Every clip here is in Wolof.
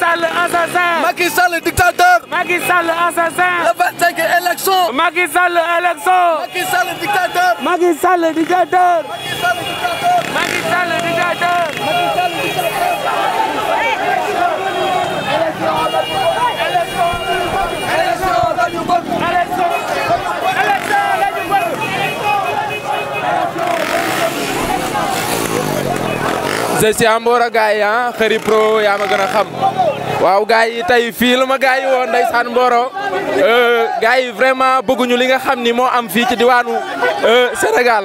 Sall assassin. Macky Sall dictateur. Macky Sall assassin. Le 25 élection. Macky Sall élection. Macky Sall dictateur. Macky Sall dictateur. Macky Sall dictateur. Je suis un bon gars, Je suis Ambora Gaïa, Kheri Pro, Yamagana Kham. waaw gars yi tey fii la ma gars yi saan ndeysaan Mboro euh, gars yi vraiment bëgguñu li nga xam ni moo am fii ci diwaanu euh, Sénégal.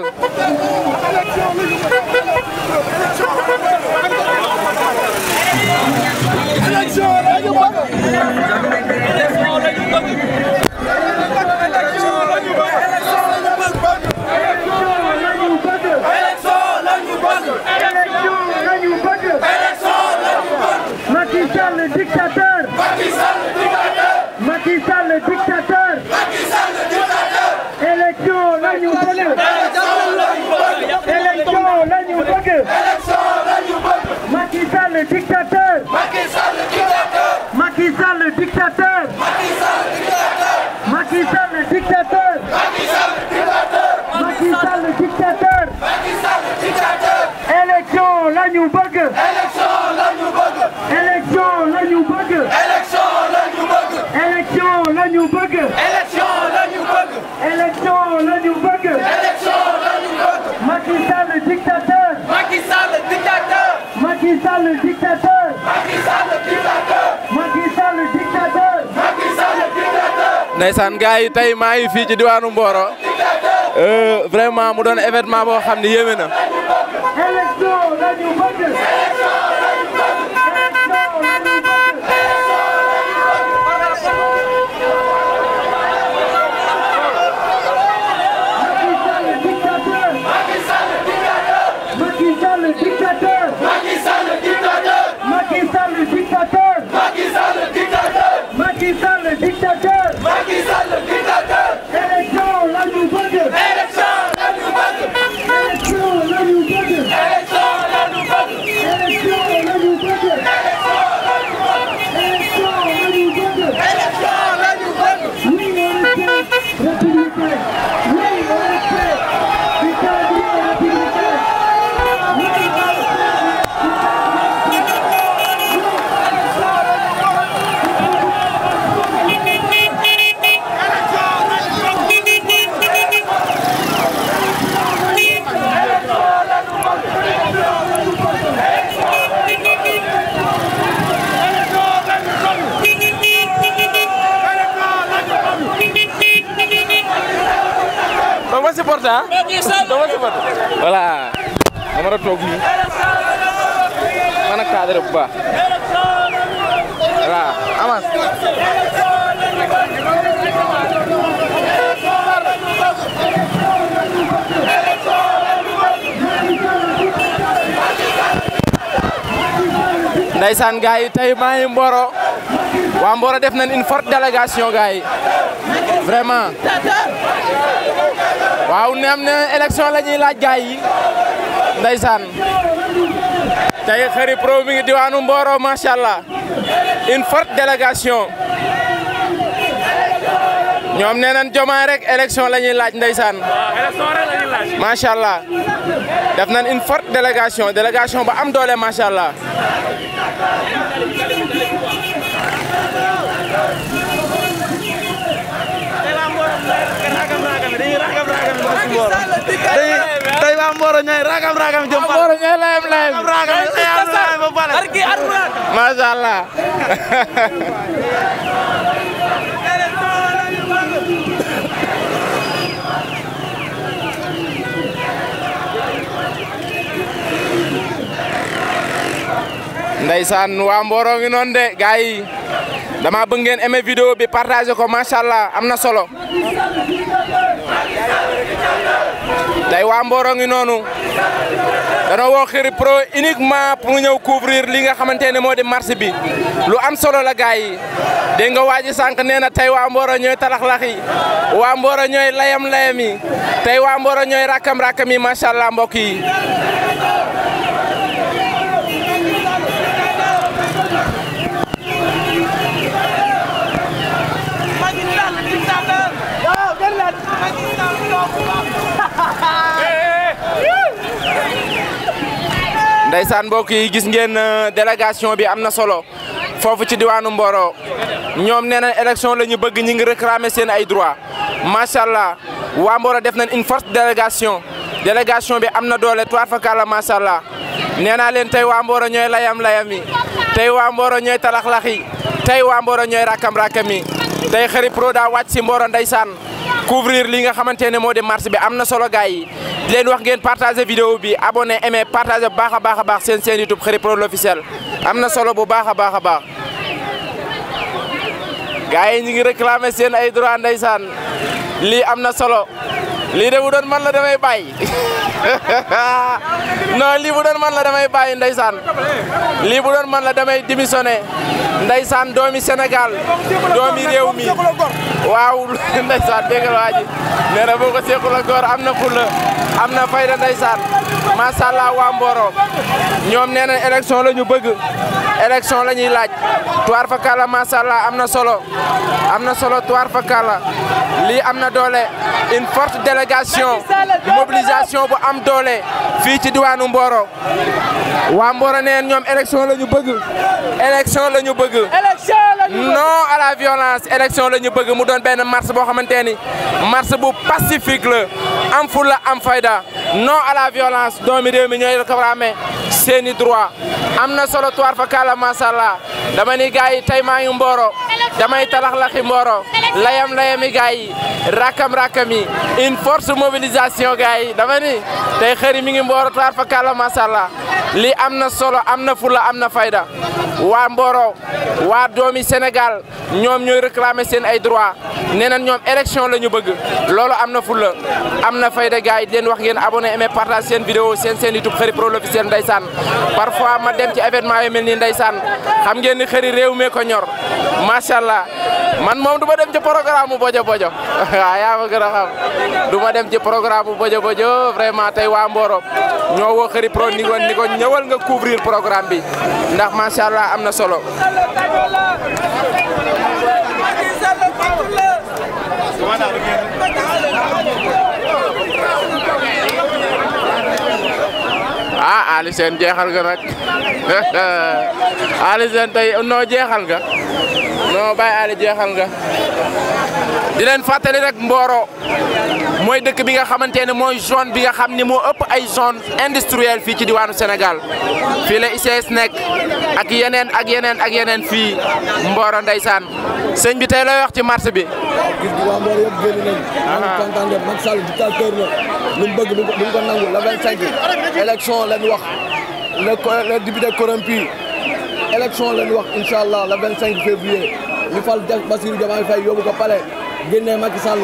Macky Sall le dictateur. Macky Sall gars yi tey maa ngi fii ci diwaanu Mboro. Euh, vraiment mu doon événement boo xam ne yéeme na. ndaysaan gars yi tey maa Mboro Mboro def nañ une forte délégation gars yi vraiment waaw ne am na élection la ñuy laaj gars yi ndaysaan tey Khary Pro mi ngi diwaanu Mboro macha allah une forte délégation ñoom ne nañ Diomaye rek élection la ñuy laaj ndaysaan macha allah def nañ une forte délégation délégation ba am doole macha allah Mboro Ñaay ragam ragam jëm Mboro lem lem ragam ragam lem ba pare barki Alquran Masha Allah Ndeysaan waa Mboro ngi noonu de gars yi dama bëgg ngeen vidéo bi partager ko macha allah solo tey waa Mboro ngi noonu dana woo Khiri Pro uniquement pour nga ñëw couvrir li nga xamante ne moo di marché bi lu am solo la gars yi dégg nga waa ji sànq nee na tey waa Mboro ñooy talaxlax yi waa Mboro ñooy layam layam yi tey waa Mboro ñooy rakkam rakkam yi macha allah mbokk yi. ndeysaan mbokk yi gis ngeen euh, délégation bi am na solo foofu ci diwaanu Mboro ñoom nee na élection la ñu bëgg ñi ngi réclamer seen ay droit macha allah waa Mboro def nañ une forte délégation délégation bi am na doole toir fakala macha allah nee naa leen tey waa Mboro ñooy layam layam tey waa Mboro ñooy talaxlax tey waa Mboro ñooy rakam rakam yi tey xarit Proda wàcc si mbooro ndeysaan couvrir li nga xamante ne moo de marche bi am na solo gars yi di wax ngeen partager vidéo bi abonné aimé partager bu baax a baax a baax seen seen YouTube Khary Prod l'officiel am na solo bu baax a baax a baax gars yi ñu ngi réclamer seen ay droit ndeysaan li am na solo lii de bu doon man la damay bàyyi non lii bu doon man la damay bàyyi ndeysaan lii bu doon man la damay démissionné ndeysaan doomi Sénégal doomi réew mi waaw ndeysaan déggal waa ji nee na boo ko sequl ak góor am na fulla am na fayda ndeysaan macha allah waa Mboro ñoom nee na élection la ñu bëgg élection le laaj tuwaar fa kala allah solo amna solo tuwaar fa kala li amna une forte délégation mobilisation bu am doole fi ci diwaanu Mboro wa Mboro neen ñoom élection le bëgg élection lañu bëgg non à la violence élection le bëgg mu doon ben marche bo xamanteni marche bu pacifique le, am la am fayda non à la violence doomi réew mi ñooy ramé seeni droit amna solo tuwaar la macha allah dama ni gars yi tey maa ngi mbooro damay talaxlaxi mbooro layam layami gars yi rakkam rakkam yi une force mobilisation gars yi dama ni tey xëri mi ngi mbooro taar fa kàlla macha allah li am na solo am na fula am na fayda. wa Mboro wa nyom senegal ñom ñoy réclamer sen ay droit nee ñom élection lañu bëgg lolu amna na fulla am fayda gaay di len wax ngeen abonné aimé partager sen vidéo sen sen YouTube xëri Pro l'officiel ndaysan parfois ma dem ci événement yu melni ndaysan xam ngeen ni xëri réew me ko ñor machallah man mom duma dem ci programme bojo bojo ya ma gën xam duma dem ci programme bojo bojo vraiment tay wa Mboro ñoo wo xëri Pro ni ko nga couvrir programme bi ndax machallah am na solo. ah Aliou Sène jeexal nga nag Aliou Sène tey noo jeexal ga non Baye Aly jeexal nga di leen fàttali rek Mboro mooy dëkk bi nga xamante ne mooy zone bi nga xam ni moo ëpp ay zone industrielle fii ci diwaanu Sénégal fii la ICS nekk ak yeneen ak yeneen ak yeneen fii Mboro ndeysaan sëñ bi tey looy wax ci marché bi. gis nga waa Mboro yëpp génn nañu. ñu kontaan de Macky Sall dictateur la lu mu bëgg du ko nangu la 25 élection lañ wax le député corrompu élection lañu wax incha allah le 25 février ñu fal Bassirou Diomaye Faye yóbbu ko palais génnee Macky Sall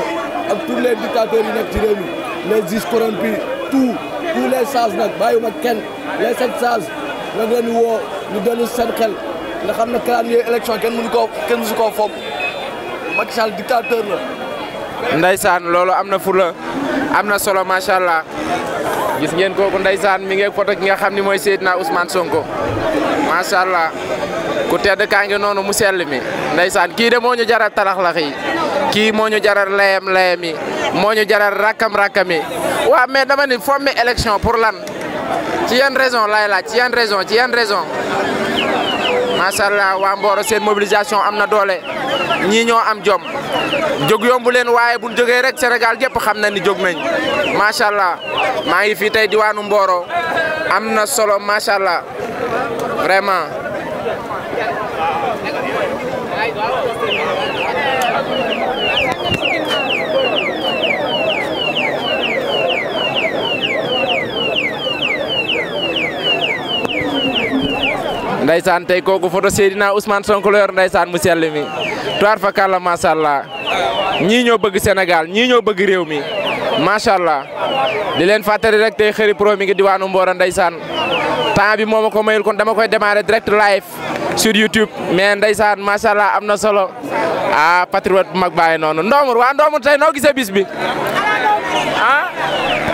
ak tous les dictateurs yi nekk ci réew mi les juges corrompus tout tous les sages nag bàyyiwuma kenn les sept sages nag la ñu woo ñu dellu seen xel nga xam ne calendrier élection kenn mënu koo kenn mësu koo foog Macky Sall dictateur la. Ndeysaan loolu am na fula am na solo macha allah gis ngeen kooku Ndeysaan mi ngi foto ki nga xam ni mooy Seydina Ousmane Sonko. Masyaallah allah ku tedd kaa ngi noonu mu sel mi ndaysan ki de moñu ñu talakh talaxlax yi ki moñu ñu jaral layam layam moñu jaral rakkam rakkam mais dama ni formé élection pour lan ci yane raison lay la ci yane raison ci yane raison Masyaallah wa Mboro sen mobilisation amna dole ñi ñoo am jom jog yomb len waye buñ joge rek Sénégal xam ni jog nañ masyaallah allah ngi fi tay diwanu Mboro amna solo masyaallah Vraiment. Ndeysaan tey kooku photo Seydina Ousmane Sonko la Ndaysan mu sell mi toar fa kàlla macha allah ñii ñoo bëgg Sénégal ñi ñoo bëgg réew mi macha allah di len fàttali rek tay xéri Pro mi ngi diwanu Mboro Ndaysan temps bi moo ma ko mayul kon dama koy démarrer direct live sur YouTube mais ndeysaan macha allah am na solo ah patriote bu mag bàyyi noonu Ndomur waa Ndomur tey noo gisee bi. ah.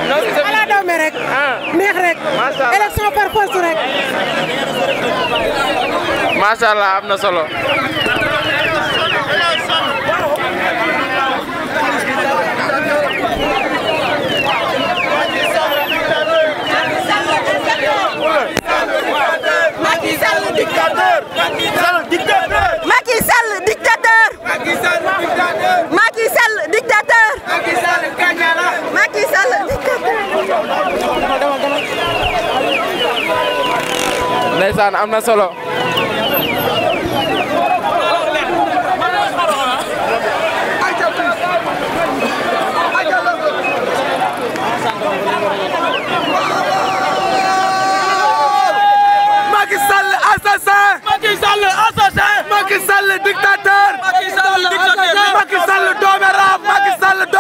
noo gisee bi doome rek. Ah. neex rek. macha allah rek. am na solo. Macky Sall dictateur. Macky Sall kaña la. Macky Sall dictateur. ndeysaan am na solo.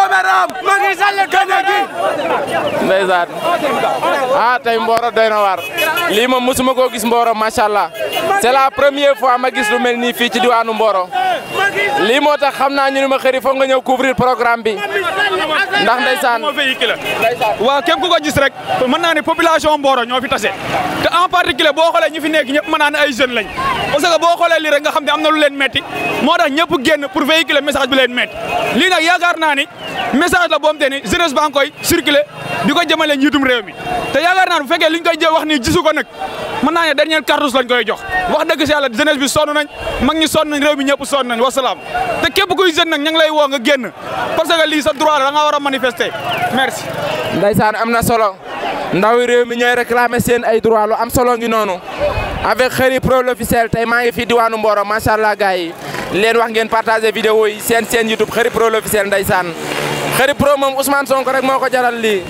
doomeram ah, tey Mboro doy na lii moom musuma koo gis Mboro macha allah c'est la première fois ma gis lu mel nii fii ci diwaanu Mboro lii moo tax xam naa ñu ma xëri foog ñëw couvrir programme bi ndax ndeysaan waaw képp ku ko gis rek mën naa ne population ñoo fi tase te en particulier boo xoolee ñu fi nekk ñëpp mën naa ay jeunes lañ parce que boo xoolee lii nga xam ne am na lu leen metti moo tax ñëpp génn pour véhiculer message bi leen metti lii nag yaakaar naa message la boom te ni jeunesse koy circuler di ko jëmale njiitum réew mi te yaakaar naa bu mën naa ne dernière lañ koy jox wax deug ci yalla jeunesse bi sonu nañ mag ñi sonu rew réew mi ñëpp sonn nañ wasalaam te kep kuy jeune nak ñang lay wo nga genn parce que li sa droit la da nga wara manifester merci. ndaysan amna solo ndaw rew mi ñoy réclamer seen ay droit lu am solo ngi nonu avec xéri Pro l'officiel tay ma ngi fi diwanu Mboro ma sha allah gaay leen wax ngeen partager vidéo yi seen seen YouTube xéri Pro l'officiel ndaysan xéri Pro mom Ousmane Sonko rek moko jaral li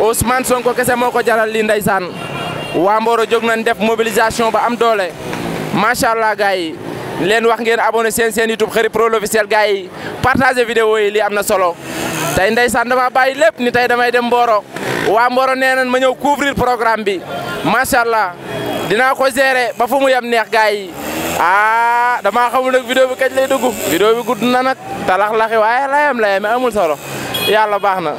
Ousmane Sonko kese moko jaral li ndaysan waa Mboro jóg nañ def mobilisation ba am doole macha allah gars yi leen wax ngeen abonné seen seen YouTube Khary Pro l'officiel gars yi partagé vidéo yi lii am na solo tey ndeysaan dama bàyyi lépp ni tey damay de Mboro waa Mboro nee ma ñëw couvrir programme bi macha allah dinaa ko gérer ba fu mu yam neex gars yi ah damaa xamul nag vidéo bi kañ lay dugg vidéo bi gudd na nag talax-laxi waaye layam layam amul solo yàlla baax na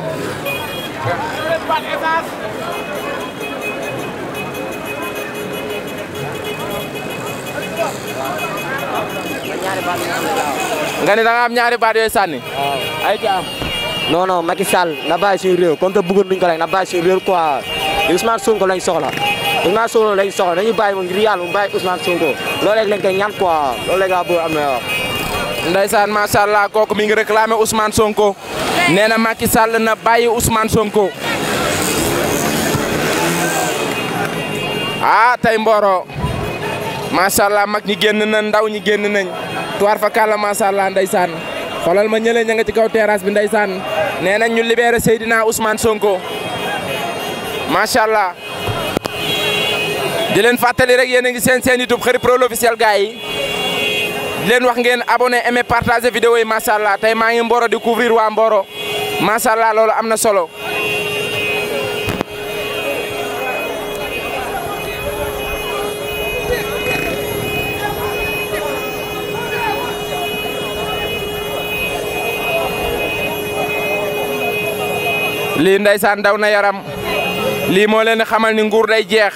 ñaari da nga am ñaari baat yoy sanni ay ci am. non non Macky Sall na bàyyi suñu rew comme que bëggoon duñ ko rek na bàyyi suñu rew quoi Ousmane Sonko lañ soxla dina Sonko lañ soxla dañuy bàyyi mo ngir Yalla mo bàyyi Ousmane Sonko lolé lañ koy ñaan quoi lolé ga bu am na wax. ndaysan ma sha allah koku mi ngi réclamer Ousmane Sonko néna Macky Sall na bàyyi Ousmane Sonko. ah tay Mboro ma sha allah mag ñi genn na ndaw ñi genn nañ tuar fa masalah sha allah ndaysan xolal ma ñele ñanga ci kaw terrasse bi ndaysan neena ñu libéré sayidina Ousmane Sonko sha allah. di len fatali rek yéen ngi sen sen YouTube Khary Pro l'officiel gaay di len wax ngeen abonné aimer partager vidéo yi sha allah tay ma ngi Mboro di couvrir Mboro sha allah lolu amna solo. li ndaysan daw na yaram li mo leen xamal ni nguur day jeex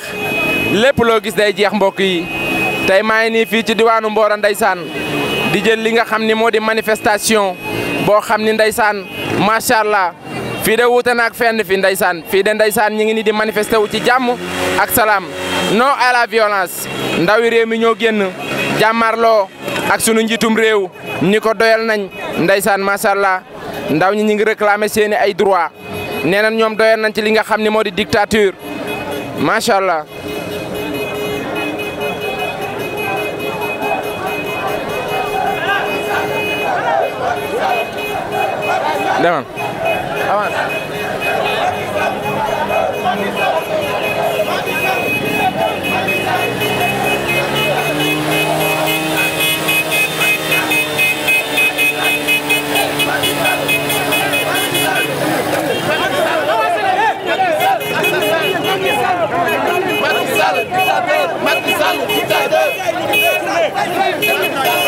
lepp lo gis day jeex mbokk yi tay maa ni fi ci diwanu Mboro ndaysan di jeul li nga xamni modi di manifestation bo xamni ndaysan ndeysaan macha allah de wuute nak fenn fi ndaysan fi de ndaysan ñi ngi ni di manifester wu ci jamm ak salam no à la violence ndawi réew mi ñoo génn jàmmarloo ak suñu njitum réew ni ko doyal nañ ndeysaan macha allah ndaw ñi ngi réclamer seeni ay droit nee nan ñoom doyoon nañ ci li nga xam ne moo di dictature macha allah. demal ¡Vamos!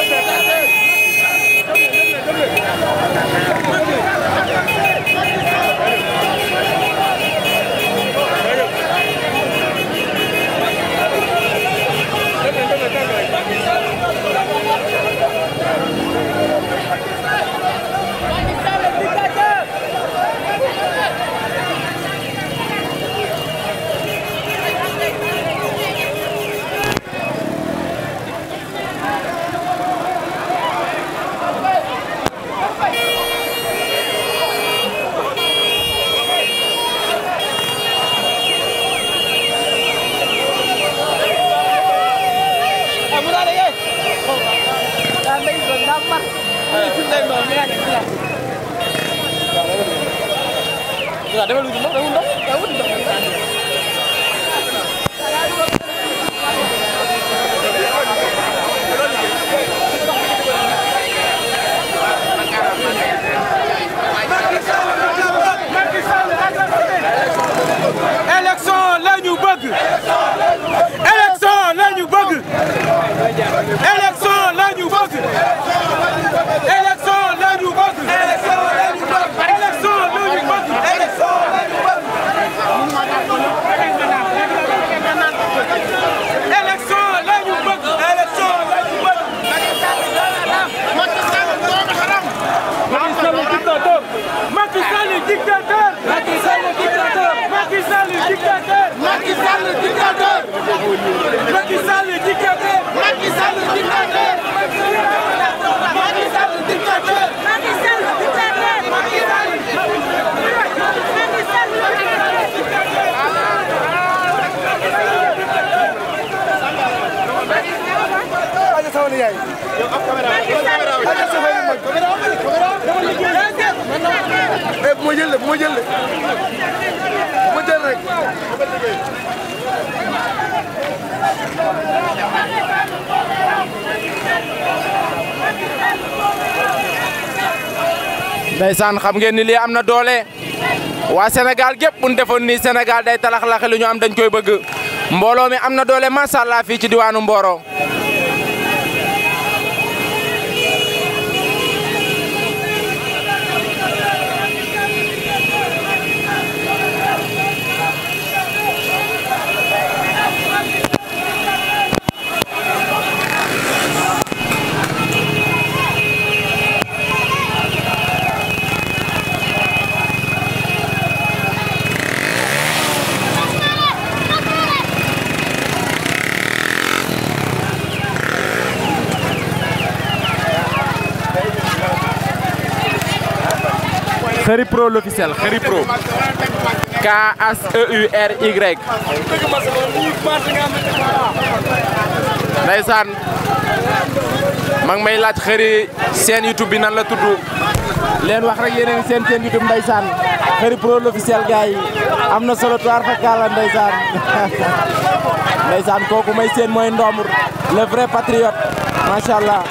ma jël de bu jël de bu jël rek. Ndeysaan xam ngeen ni li amna doole wa senegal gep buñ defon ni senegal day talax laxe lu ñu am dañ koy bëgg mbolo mi amna doole ma sha allah fi ci diwanu Mboro. Khary Pro l'officiel Pro K S E U R Y Naysan. Mang may laaj sen YouTube bi nan la tuddu. Len wax rek yeneen sen sen YouTube Ndaysan. Khary Pro l'officiel gaay. Amna solo tuwaar fa kala Ndaysan. Ndaysan koku may sen moy Ndomur le vrai patriote Masha allah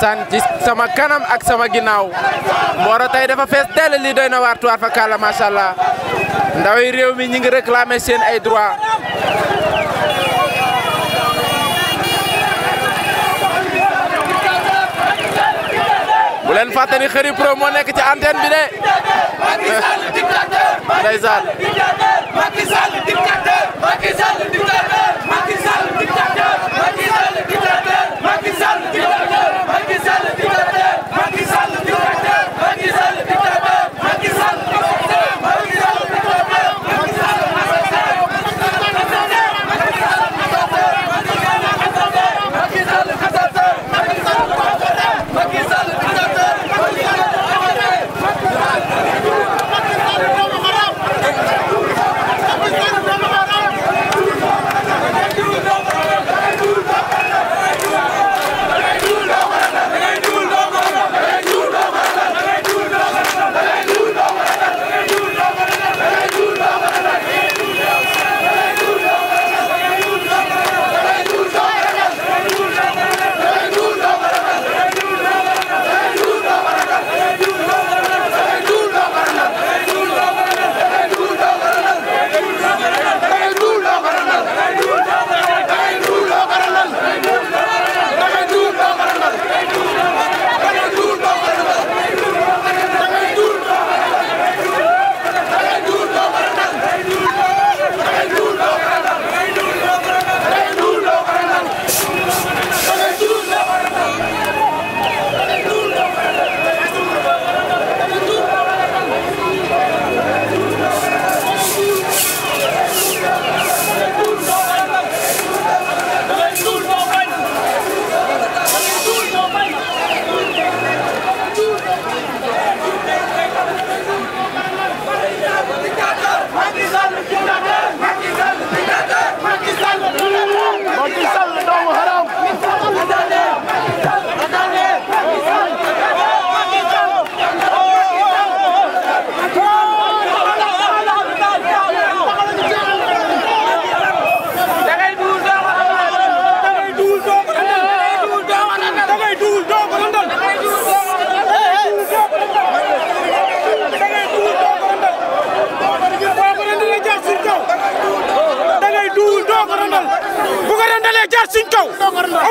ndeysaan ci sama kanam ak sama ginnaaw Mboro tay dafa fess dell li doyna war waar fa kala ma sha allah ndaw yi réew mi ñi ngi réclamer seen ay droit bu len fàtte ni Pro mo nek ci antenne bi de. Macky Sall dictateur Macky Sall dictateur Macky Sall dictateur no, Carlos.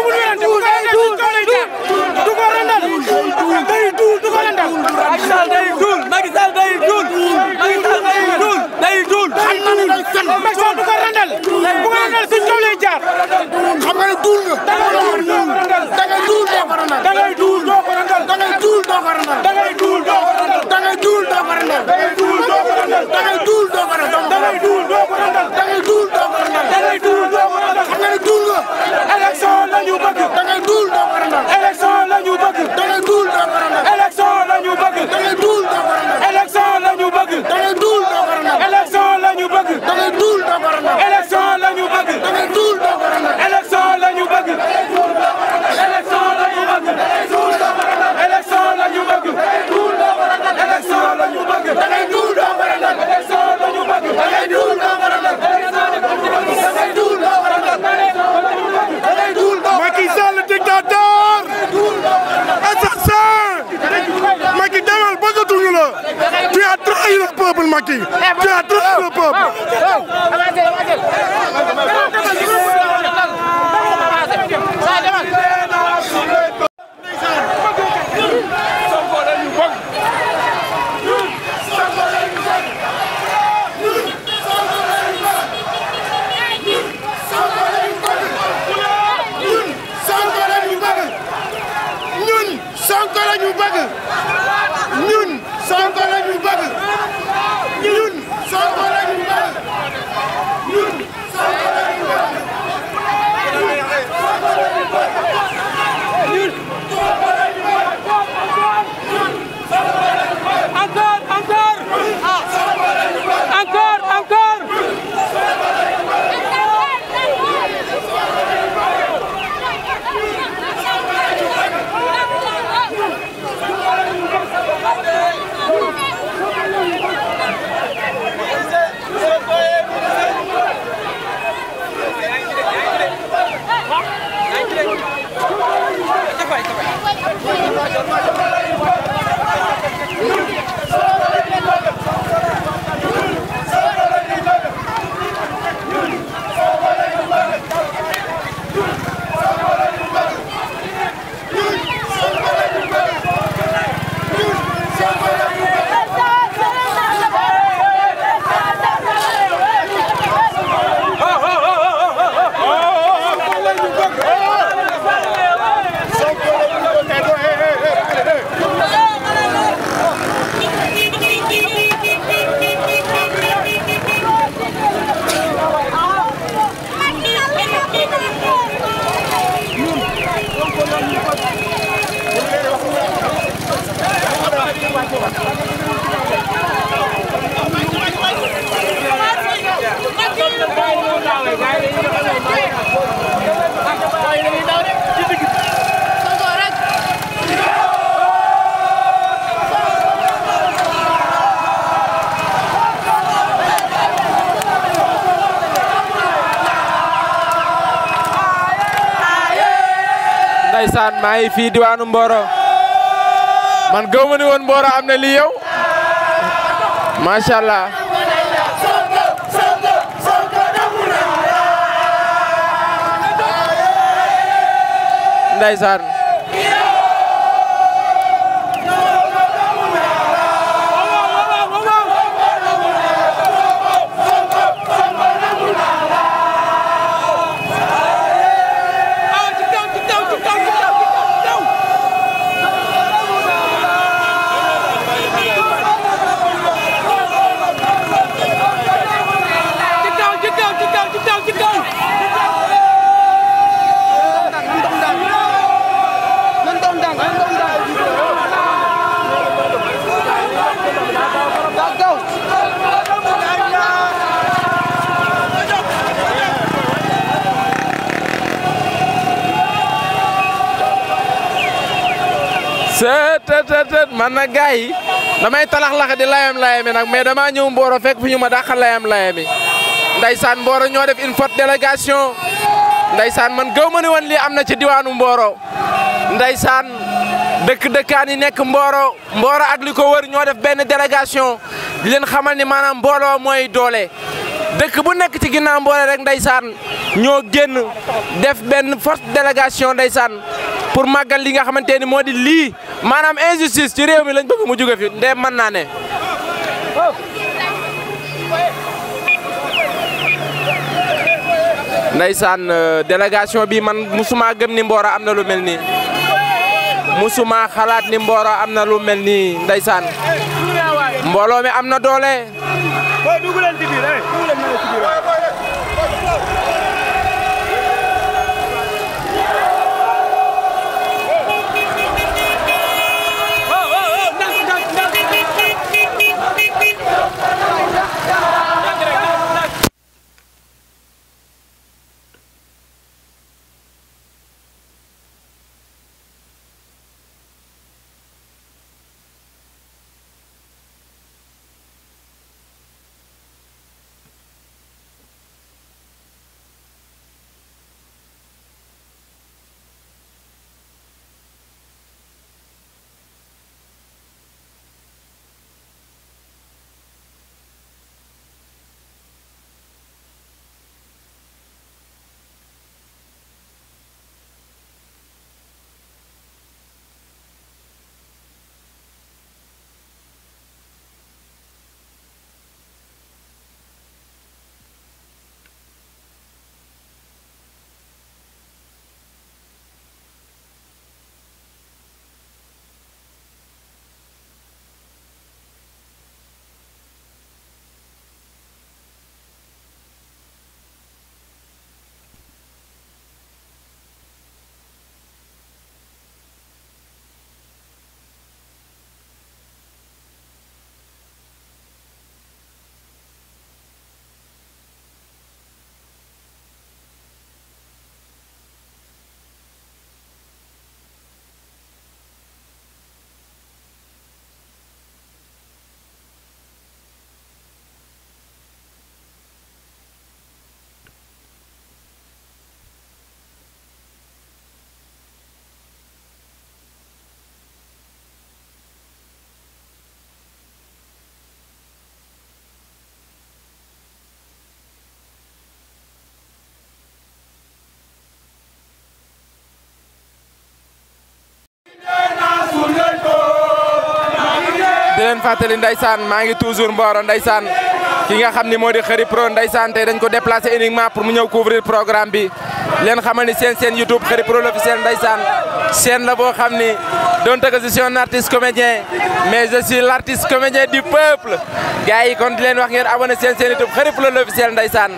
trahir le peuple Macky tu as trahi le peuple ndeysaan maa ngi fii diwaanu Mboro man gëw ma ni woon Mboro am na lii yow macha allah. ndeysaan tët man na gars yi damay talax lax di layam layami nag mais damaa ñëw Mboro fekk fi ñu ma dàq layam layami saan Mboro ñoo def une forte délégation saan man gëw ma ne woon lii am na ci diwaanu Mboro saan dëkk-dëkkaan yi nekk Mboro Mboro ak li ko wër ñoo def benn délégation di leen xamal ni maanaam mbooloo mooy doole dëkk bu nekk ci ginnaaw Mboro rek saan ñoo génn def benn forte délégation saan pour magal li nga xamanteni modi li di injustice ci rew mi lañ bëgg mu jóge fi ndé man na né ndaysan euh, délégation bi man musuma gëm ni Mboro amna lu melni musuma xalaat ni Mboro am lu mel mi doole leen fàttali ndeysaan maa ngi toujours Mboro ndeysaan ki nga xam ni moo di Kheury Pro ndeysaan tey dañ ko déplacer uniquement pour mu ñëw couvrir programme bi leen xamal ni seen seen YouTube Kheury Pro l'officiel ndeysaan seen la boo xam ni donte que je suis un artiste comédien mais je suis l' artiste comédien du peuple gars yi kon di leen wax ngeen abonné seen seen YouTube Kheury Pro l'officiel ndeysaan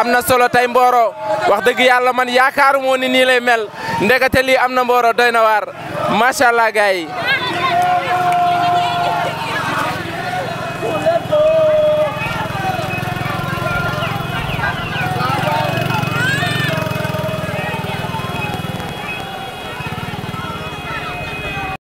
am na solo tey Mboro wax dëgg yàlla man yaakaaru moo ni nii lay mel ndekete lii am Mboro doy na waar macha